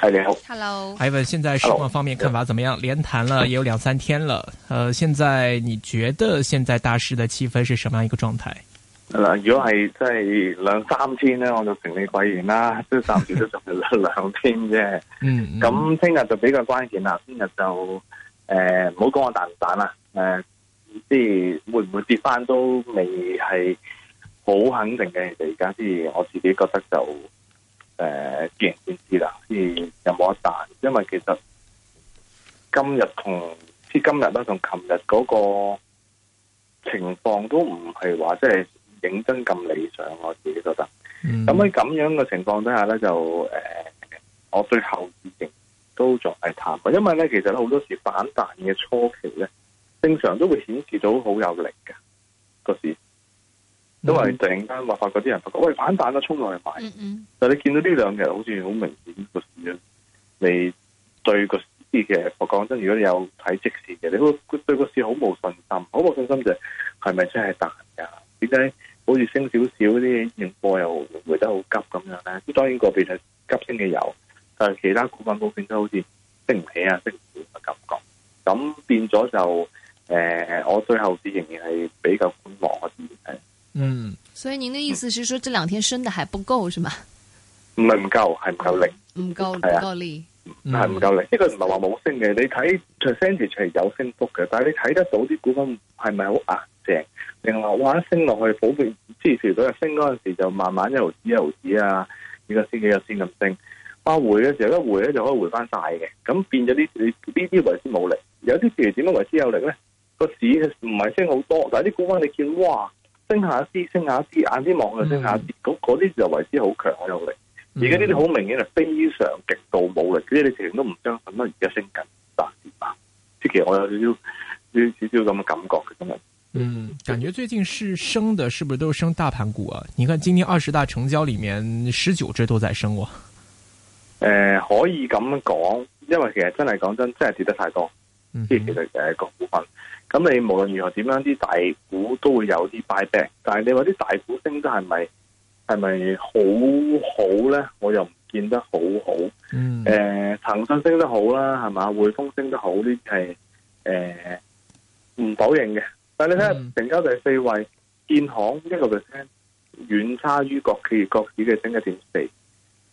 係、hey, 你好，Hello，Ivan，現在市場方面看法怎麼樣？連 Hello. 談了也有兩三天了，呃，現在你覺得現在大市的氣氛是什麼樣一個狀態？嗱，uh, 如果係即係兩三天咧，我就承認貴完啦，即係暫時都仲係兩兩天啫。嗯，咁聽日就比較關鍵啦。聽日就誒，唔好講我彈唔彈啦，誒，即、呃、係會唔會跌翻都未係好肯定嘅。其實而家即係我自己覺得就。誒，見先、呃、知啦，所以有冇得彈？因為其實今日同即今日啦，同琴日嗰個情況都唔係話即係認真咁理想，我自己覺得。咁喺咁樣嘅情況底下咧，就誒、呃，我最後意見都仲係淡，因為咧其實好多時反彈嘅初期咧，正常都會顯示到好有力嘅，嗰時。Mm hmm. 因為突然間話發覺啲人發覺喂，反彈啦，衝落去買，mm hmm. 但係你見到呢兩日好似好明顯個市咧，你對個市嘅我講真，如果你有睇即時嘅，你對個市好冇信心，好冇信心就係係咪真係彈噶？點解好似升少少啲，認貨又回得好急咁樣咧？當然嗰邊係急升嘅油，但係其他股份股片都好似升唔起啊，升唔起嘅、啊、感覺。咁變咗就誒、呃，我對後市仍然係比較觀望。嗯，所以您的意思是說這兩天升的還不夠，是嗎？唔係唔夠，係唔夠力，唔夠係啊力，係唔夠力。呢個唔係話冇升嘅，你睇 percentage 係有升幅嘅，但係你睇得到啲股份係咪好硬正？另外，哇升落去普遍支持到有升嗰陣時，就慢慢一路指一路指啊。呢個先幾日先咁升，翻、啊、回嘅時候一回咧就可以回翻大嘅。咁變咗啲，呢呢啲為之冇力，有啲譬如點樣為之有力咧？那個市唔係升好多，但係啲股份你見哇。升下啲，升下啲，眼啲望佢升下啲，咁嗰啲就為之好強嘅有力。而家呢啲好明顯係非常極度冇力，即係你情都唔相信乜而家升緊大跌啊！即係其實我有少少少少咁嘅感覺嘅今日。嗯，感覺最近是升嘅，是不是都升大盤股啊？你看今年二十大成交裏面，十九隻都在升啊。誒、呃，可以咁講，因為其實真係講真的，真係跌得太多，即係、嗯、哼其實誒、呃、個股份。咁你無論如何點樣啲大股都會有啲敗病，但係你話啲大股升得係咪係咪好好咧？我又唔見得好好。嗯。誒、呃，騰訊升得好啦，係嘛？匯豐升得好呢？係誒唔否認嘅。但係你睇下成交第四位，建行一個 percent 遠差於國企、各市嘅升一點四。誒、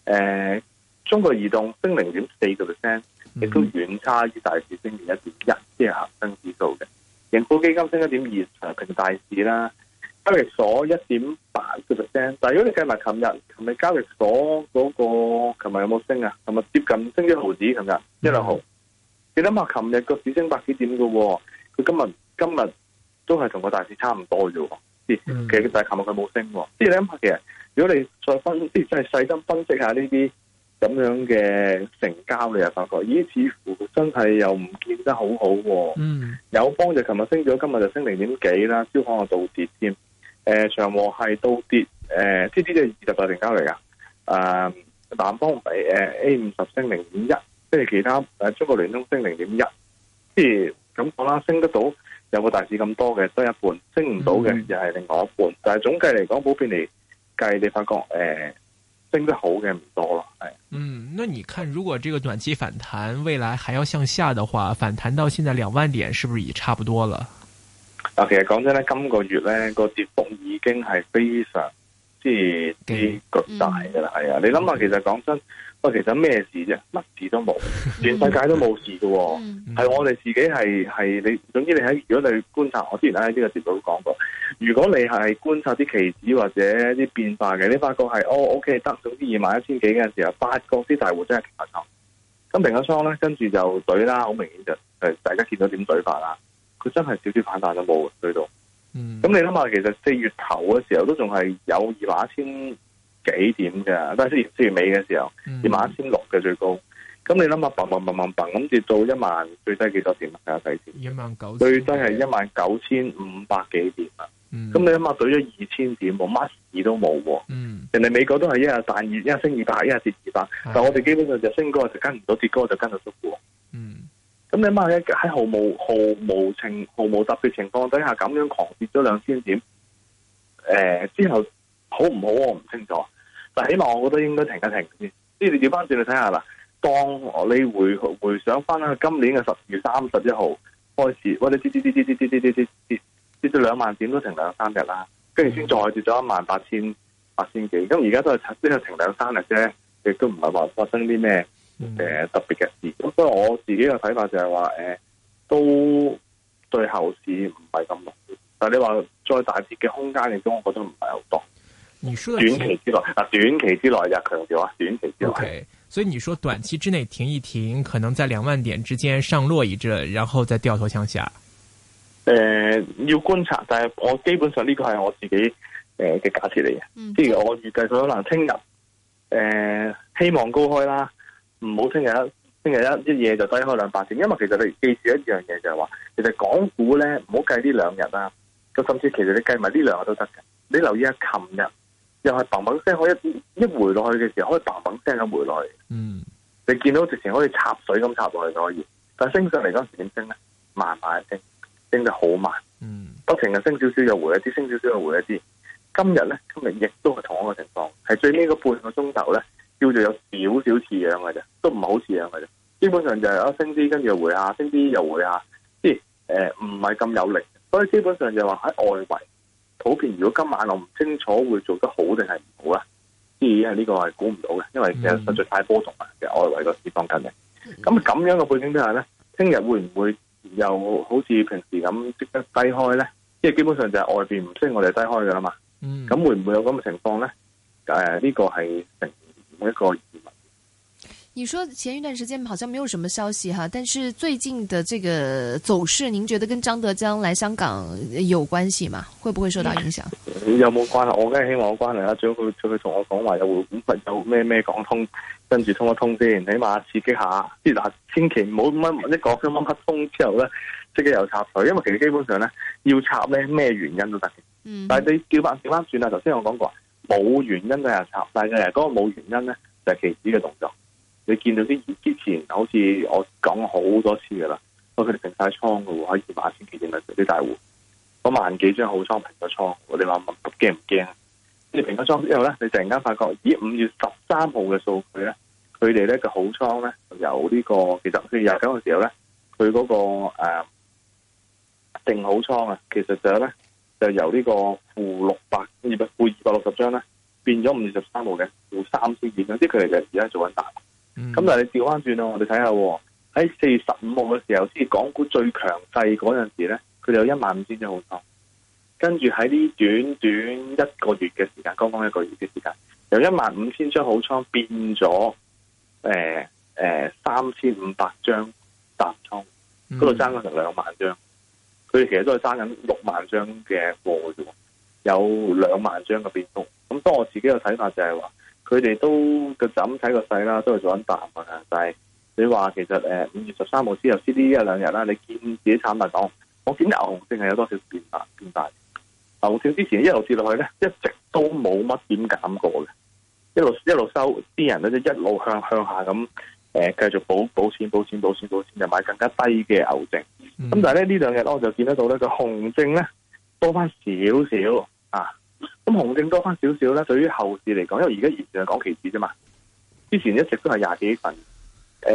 呃，中國移動升零點四個 percent，亦都遠差於大市升一點一，即係恒生指數嘅。盈富基金升一點二，持平大市啦。交易所一點八個 percent，但係如果你計埋琴日，琴日交易所嗰、嗰個琴日有冇升啊？琴日接近升一毫子，琴日、嗯、一兩毫。你諗下，琴日個市升百幾點噶、哦？佢今日今日都係同個大市差唔多嘅喎、哦。嗯、其實但係琴日佢冇升、啊。即係你諗下，其實如果你再分，即係細心分析下呢啲。咁樣嘅成交你又發覺咦？似乎真係又唔見得好好、啊、喎。嗯，友邦就琴日升咗，今日就升零點幾啦。消防又倒跌添。誒、呃、長和係倒跌。誒、呃，呢啲嘅二十大成交嚟㗎。誒、呃，南方誒、呃、A 五十升零點一，即係其他誒、呃、中國聯通升零點一。即係咁講啦，升得到有個大市咁多嘅得一半，升唔到嘅、嗯、又係另外一半。但係總計嚟講，普遍嚟計，計你發覺誒。呃升得好嘅唔多啦，係。嗯，那你看如果這個短期反彈，未來還要向下的話，反彈到現在兩萬點，是不是也差不多了？啊，其實講真咧，今、這個月咧、這個跌幅已經係非常。即係啲巨大噶啦，係啊！你諗下，其實講真，喂，其實咩事啫？乜事都冇，全世界都冇事噶，係 我哋自己係係你。總之你喺，如果你觀察，我之前喺呢個節目都講過，如果你係觀察啲期指或者啲變化嘅，你發覺係哦，OK 得，總之二萬一千幾嘅時候，八哥啲大戶真係平反倉，咁平一倉咧，跟住就懟啦，好明顯就誒、是，大家見到點懟法啦，佢真係少啲反彈都冇咁、嗯、你諗下，其實四月頭嘅時候都仲係有二萬一千幾點嘅，但係四月四月尾嘅時候，二萬一千六嘅最高。咁、嗯、你諗下，嘣嘣嘣咁跌到一萬最低幾多點，睇下睇下，一萬九，最低係一萬九千五百幾點，、嗯、想想點啊？咁你諗下，懟咗二千點，冇乜事都冇。人哋美國都係一日彈二，一日升二百的，一日跌二百，但我哋基本上就升高就跟唔到跌高就跟到縮咁你媽喺毫無毫無情毫無特別情況底下咁樣狂跌咗兩千點，誒、呃、之後好唔好我唔清楚，但係起碼我覺得應該停一停先。即係調翻轉去睇下啦，當你回回想翻今年嘅十月三十一號開始，或者你跌跌跌跌跌跌跌跌跌跌到兩萬點都停兩三日啦，跟住先再跌咗一萬八千八千幾，咁而家都係即啲係停兩三日啫，亦都唔係話發生啲咩。誒，嗯、特別嘅事，不過我自己嘅睇法就係話，誒、呃，都對後市唔係咁濃。但係你話再大啲嘅空間，你都我覺得唔係好多短。短期之內，啊，短期之內就強調話，短期之內。OK，所以你說短期之內停一停，可能在兩萬點之間上落一陣，然後再掉頭向下。誒、呃，要觀察，但係我基本上呢個係我自己誒嘅、呃、假設嚟嘅。嗯、即譬如我預計佢可能聽日，誒、呃，希望高開啦。唔好聽日一聽日一一夜就低開兩百點，因為其實你記住一樣嘢就係話，其實港股咧，唔好計呢兩日啦，咁甚至其實你計埋呢兩個都得嘅。你留意下琴日又係嘭嘭聲可以一一回落去嘅時候，可以嘭嘭聲咁回落去。嗯，mm. 你見到直情可以插水咁插落去就可以，但係升上嚟嗰陣時點升咧？慢慢升，升得好慢。嗯，不停嘅升少少又回一啲，升少少又回一啲。今日咧，今日亦都係同一個情況，係最尾嗰半個鐘頭咧。叫做有少少似樣嘅啫，都唔係好似樣嘅啫。基本上就係啊升啲，跟住回下，升啲又回下，即係誒唔係咁有力。所以基本上就係話喺外圍普遍，如果今晚我唔清楚會做得好定係唔好咧，呢啲係呢個係估唔到嘅，因為其實實在太波動啊。嘅、mm. 外圍個市況嚟嘅。咁咁樣嘅背景之下咧，聽日會唔會又好似平時咁即刻低開咧？即係基本上就係外邊唔升，我哋低開嘅啦嘛。咁、mm. 會唔會有咁嘅情況咧？誒、呃、呢、這個係你說前一段時間好像沒有什麼消息哈，但是最近的這個走勢，您覺得跟張德江來香港有關係嗎？會不會受到影響？有冇關係？我梗係希望有關係啦。最好佢佢同我講話有股有咩咩講通，跟住通一通先，起碼刺激下。即係嗱，千祈唔好咁一講就冇乜通，之來後咧即刻又插水，因為其實基本上咧要插咧咩原因都得。嗯、哼但係你叫翻調翻轉啊，頭先我講過。冇原因嘅人插晒嘅嗰個冇原因咧就係期指嘅動作。你見到啲之前好似我講好多次噶啦，我佢哋平晒倉噶喎，可以八千期指咪做啲大戶，嗰萬幾張好倉平咗倉。我哋諗唔驚唔驚？你平咗倉之後咧，你突然間發覺咦，五月十三號嘅數據咧，佢哋咧嘅好倉咧由呢有、這個其實佢廿九嘅時候咧，佢嗰個誒定好倉啊，其實就係咧。就由呢、這個負六百二百負二百六十張咧，600，嗯、張變咗五月十三號嘅負三千二張，即係佢哋就而家做緊大。咁、嗯、但係你調翻轉啦，我哋睇下喎，喺四月十五號嘅時候，先港股最強勢嗰陣時咧，佢哋有一萬五千張好倉。跟住喺呢短短一個月嘅時間，剛剛一個月嘅時間，由一、呃呃、萬五千張好倉變咗誒誒三千五百張大倉，嗰度爭咗成兩萬張。佢哋其實都係揸緊六萬張嘅貨啫，有兩萬張嘅變動。咁當我自己嘅睇法就係話，佢哋都整個枕睇個細啦，都係做緊淡嘅勢。但係你話其實誒，五月十三號之後，CD 一兩日啦，你見自己慘不慘？我見得牛熊線係有多少變化變大？牛熊線之前一路跌落去咧，一直都冇乜點減過嘅，一路一路收，啲人咧一路向向下咁。誒，繼續補補錢、補錢、補錢、補錢，就買更加低嘅牛證。咁、嗯、但係咧呢兩日我就見得到咧，個紅證咧多翻少少啊。咁紅證多翻少少咧，對於後市嚟講，因為而家完全係講期指啫嘛。之前一直都係廿幾份，誒、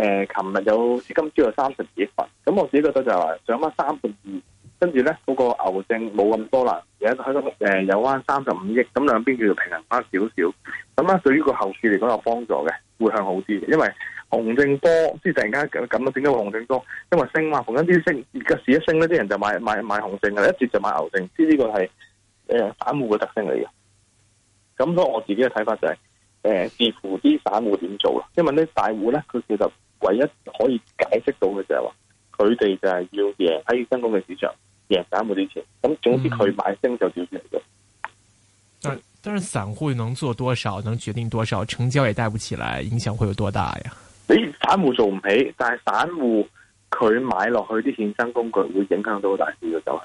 呃，琴日有今朝有三十幾份。咁我自己覺得就係話上翻三分二，跟住咧嗰個牛證冇咁多啦，而家喺度誒有翻三十五億，咁兩邊叫做平衡翻少少。咁咧對於個後市嚟講有幫助嘅，會向好啲，因為。紅證多，即係突然間咁咁啊？點解會紅證多？因為升嘛，逢緊啲升，而家市一升咧，啲人就買買買，買紅證嘅，一跌就買牛證。即係呢個係誒散戶嘅特性嚟嘅。咁所以我自己嘅睇法就係、是、誒，視、呃、乎啲散戶點做啦。因為大戶呢大戶咧，佢其實唯一可以解釋到嘅就係、是、話，佢哋就係要贏喺香港嘅市場，贏散戶啲錢。咁總之，佢買升就調轉嚟嘅。但但是散戶能做多少，能決定多少成交，也帶唔起來，影響會有多大呀？你散戶做唔起，但係散戶佢買落去啲衍生工具，會影響到大市嘅就係。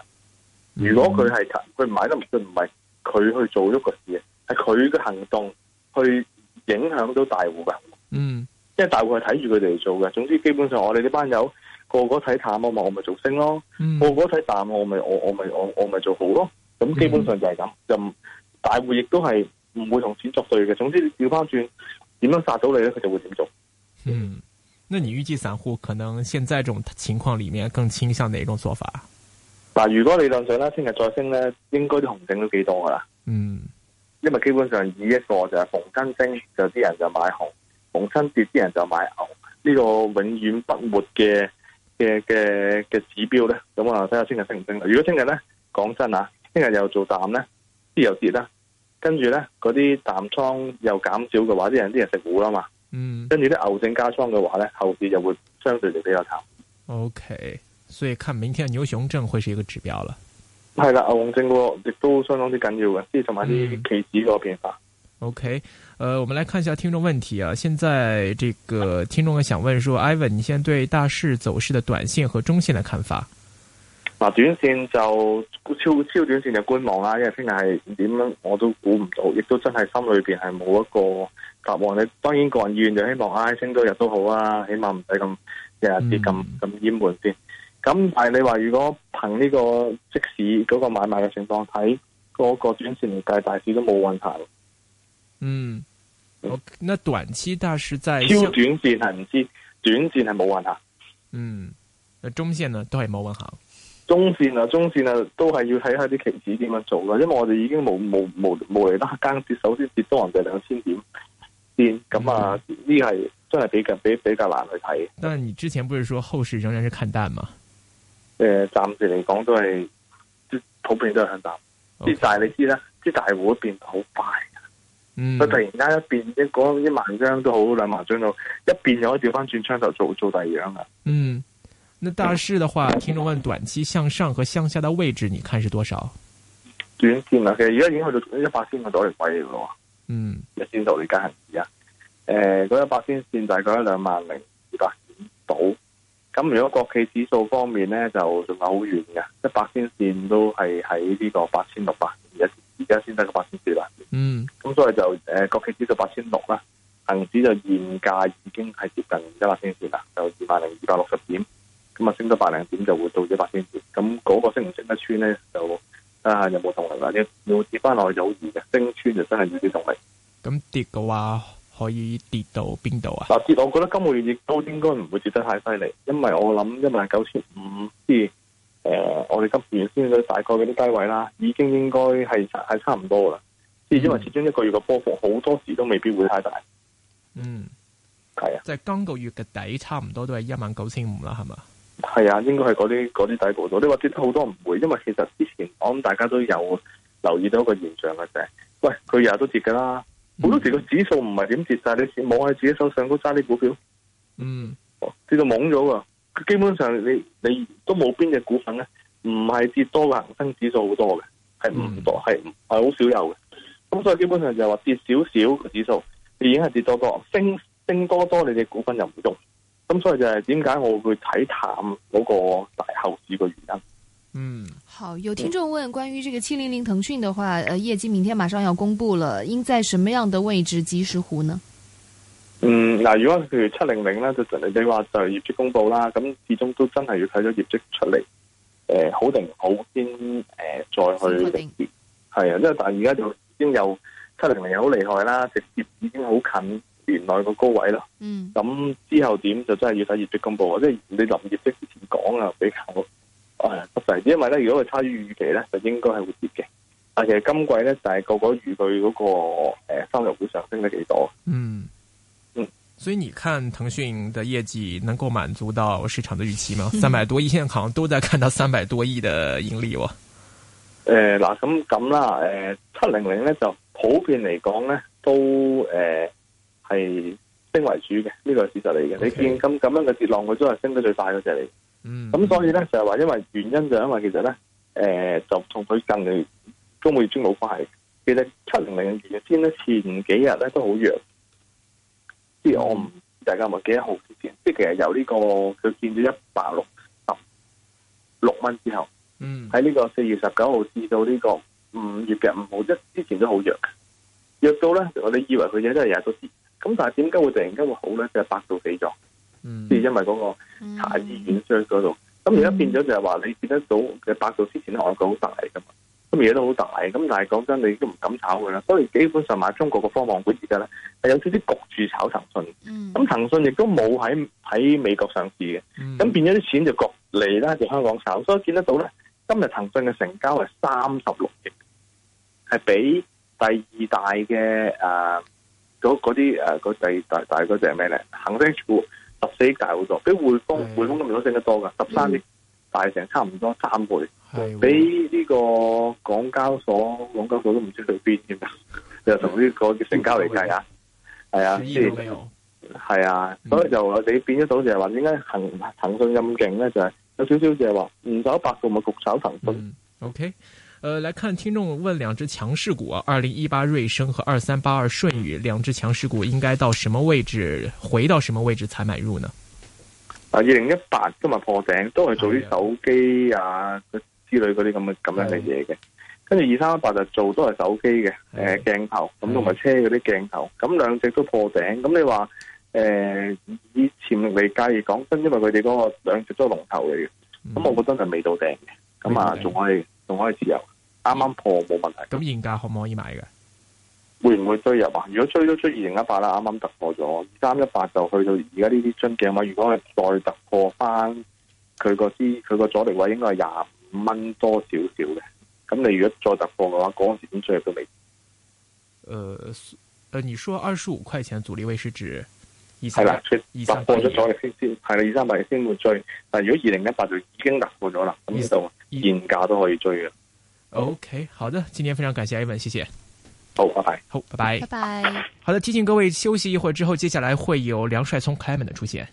如果佢係佢唔買得，佢唔係佢去做咗個事，係佢嘅行動去影響到大戶嘅。嗯，因為大戶係睇住佢哋嚟做嘅。總之，基本上我哋呢班友個個睇淡我咪我咪做升咯。個個睇淡，我咪、嗯、我我咪我我咪做好咯。咁基本上就係咁。嗯、就大戶亦都係唔會同錢作對嘅。總之，調翻轉點樣殺到你咧，佢就會點做。嗯，那你預計散戶可能現在這種情況裏面更傾向哪種做法？嗱，如果理論上咧，聽日再升咧，應該紅證都幾多噶啦。嗯，因為基本上以一個就係逢親升就啲人就買紅，逢親跌啲人就買牛。呢個永遠不活嘅嘅嘅嘅指標咧，咁我睇下聽日升唔升啦。如果聽日咧，講真啊，聽日又做淡咧，啲又跌啦，跟住咧嗰啲淡倉又減少嘅話，啲人啲人食糊啦嘛。嗯，跟住啲牛證加倉嘅話咧，後市就會相對地比較淡。O K，所以看明天牛熊證會是一個指標啦、嗯。係啦，牛熊證亦都相當之緊要嘅，亦同埋啲期指個變化。O K，呃，我們來看一下聽眾問題啊。現在這個聽眾想問說，Ivan，你現在對大市走勢嘅短線和中線嘅看法？嗱，短線就超超短線嘅觀望啦，因為聽日係點樣我都估唔到，亦都真係心裏邊係冇一個。答案你當然個人意願就希望唉升多日都好啊，起碼唔使咁日日跌咁咁淹埋先。咁但係你話如果憑呢個即使嗰個買賣嘅情況睇，嗰個短線嚟計，大市都冇運行。嗯，我那短期大市在超短線係唔知，短線係冇運行。嗯，中線呢都係冇運行。中線啊，中線啊，都係要睇下啲期指點樣做啦。因為我哋已經冇冇冇冇嚟得間跌，首先跌到人哋兩千點。咁啊，呢係、嗯、真係比較比較比較難去睇。但你之前不是說後市仍然是看淡嗎？誒、呃，暫時嚟講都係普遍都係向淡。但 Okay. 大你知啦，啲大戶變好快，嗯，佢突然間一變，一講一萬張都好兩萬張到，一變又可以調翻轉槍頭做做第二樣啦。嗯，那大市的話，嗯、聽眾問短期向上和向下的位置，你看是多少？短線啊，其實而家已經去到一百仙嘅阻力位嘅嗯，一千六你加恒指啊？誒、呃，嗰一百天線大概一兩萬零二百點到。咁如果國企指數方面咧，就仲係好遠嘅，一百天線都係喺呢個八千六百而家而家先得個八千四百。嗯，咁所以就誒、呃、國企指數八千六啦，恒指就現價已經係接近一百天線啦，就二萬零二百六十點，咁啊升多百零點就會到咗八千點。咁、那、嗰個升唔升得穿咧就？啊！同意有冇動力？或者要跌翻落去有意嘅，升穿就真係冇啲動力。咁跌嘅話，可以跌到邊度啊？嗱，跌我覺得今個月亦都應該唔會跌得太犀利，因為我諗一萬九千五，即係誒，我哋今個月先嘅大概嗰啲低位啦，已經應該係係差唔多噶啦。即係、嗯、因為始終一個月嘅波幅好多時都未必會太大。嗯，係啊，即係今個月嘅底差唔多都係一萬九千五啦，係嘛？係啊，應該係嗰啲啲底部度，你話跌得好多唔會，因為其實之前我諗大家都有留意到一個現象嘅啫、就係。喂，佢日日都跌噶啦，好多時佢指數唔係點跌晒，你望喺自己手上都揸啲股票，嗯，跌到懵咗噶。佢基本上你你都冇邊隻股份咧，唔係跌多過恒生指數好多嘅，係唔多，係係好少有嘅。咁所以基本上就話跌少少個指數，你已經係跌多多，升升多多你哋股份又唔用。咁、嗯、所以就係點解我會睇淡嗰個大後市嘅原因？嗯，好，有聽眾問關於這個七零零騰訊的話，誒、呃，業績明天馬上要公布了，應在什麼樣的位置及時沽呢？嗯，嗱，如果譬如七零零咧，就陳利你話就業績公布啦，咁始終都真係要睇咗業績出嚟，誒、呃，好定唔好先，誒、呃，再去定係啊，因為但係而家就已經有七零零又好厲害啦，直接已經好近。原來個高位咯，咁、嗯、之後點就真係要睇業績公布啊！即、就、係、是、你臨業績之前講啊，比較誒得滯，因為咧如果佢差於預期咧，就應該係會跌嘅。但、啊、其實今季咧就係、是、個個預佢嗰個誒收入會上升得幾多？嗯嗯，嗯所以你看騰訊嘅業績能夠滿足到市場嘅預期嘛，三百、嗯、多億現行都在看到三百多億嘅盈利喎、哦。誒嗱、呃，咁咁啦，誒七零零咧就普遍嚟講咧都誒。呃係升為主嘅，呢、這個係事實嚟嘅。Okay. 你見咁咁樣嘅跌浪，佢都係升得最快嗰隻嚟。咁、就是 mm hmm. 所以咧就係話，因為原因就係因為其實咧，誒、呃、就同佢近月、中五月尊冇關係。其實七零零嘅原先咧前幾日咧都好弱，即係、mm hmm. 我唔知大家唔係幾多號之前，即係其實由呢、這個佢見咗一百六十六蚊之後，喺呢、mm hmm. 個四月十九號至到呢個五月嘅五號一之前都好弱，弱到咧我哋以為佢嘢都係日日都跌。咁但係點解會突然間會好咧？就係、是、百度死咗，即係、嗯、因為嗰個查資料商嗰度。咁而家變咗就係話你見得到嘅百度之前咧，我係佢好大嚟噶嘛。咁而家都好大，咁但係講真，你都唔敢炒噶啦。所以基本上買中國嘅科網股而家咧，係、嗯嗯、有少少焗住炒騰訊。咁騰訊亦都冇喺喺美國上市嘅。咁變咗啲錢就焗嚟啦，就香港炒。所以見得到咧，今日騰訊嘅成交係三十六億，係比第二大嘅誒。呃嗰啲誒，個第第第嗰隻係咩咧？騰訊股十四屆大好多，比匯豐的匯豐都唔少升得多㗎，十三倍、嗯、大成差唔多三倍，的比呢個港交所港交所都唔知去邊咁啊！就同呢個叫成交嚟計啊，係啊的，係啊的，嗯、所以就你變咗到就係話點解騰騰訊咁勁咧？就係、是、有少少就係話唔走百度咪焗炒騰訊、嗯、OK。誒、呃，來看聽眾問兩隻強勢股啊，二零一八瑞聲和二三八二舜宇兩隻強勢股應該到什麼位置，回到什麼位置才買入呢？啊，二零一八今日破頂都係做啲手機啊，啊之類嗰啲咁嘅咁樣嘅嘢嘅，跟住二三一八就係做都係手機嘅，誒鏡頭咁同埋車嗰啲鏡頭，咁兩隻都破頂，咁你話誒、呃、以前未介意講真，因為佢哋嗰個兩隻都係龍頭嚟嘅，咁、嗯、我覺得係未到頂嘅，咁啊仲可以。仲可以自由，啱啱破冇問題。咁現價可唔可以買嘅？會唔會追入啊？如果追都追二零一八啦，啱啱突破咗二三一八就去到而家呢啲樽頸位。如果佢再突破翻佢個支，佢個阻力位應該係廿五蚊多少少嘅。咁你如果再突破嘅話，嗰陣時點追入都未？呃，呃，你說二十五塊錢阻力位是指？八二三百先會追，但如果二零一八就已經突破咗啦，咁呢度現價都可以追嘅。OK，好的，今天非常感謝 Ivan，謝謝。好，拜拜。好，拜拜。拜拜 bye。好的，提醒各位休息一會之後，接下來會有梁帥聰 Kayman 的出現。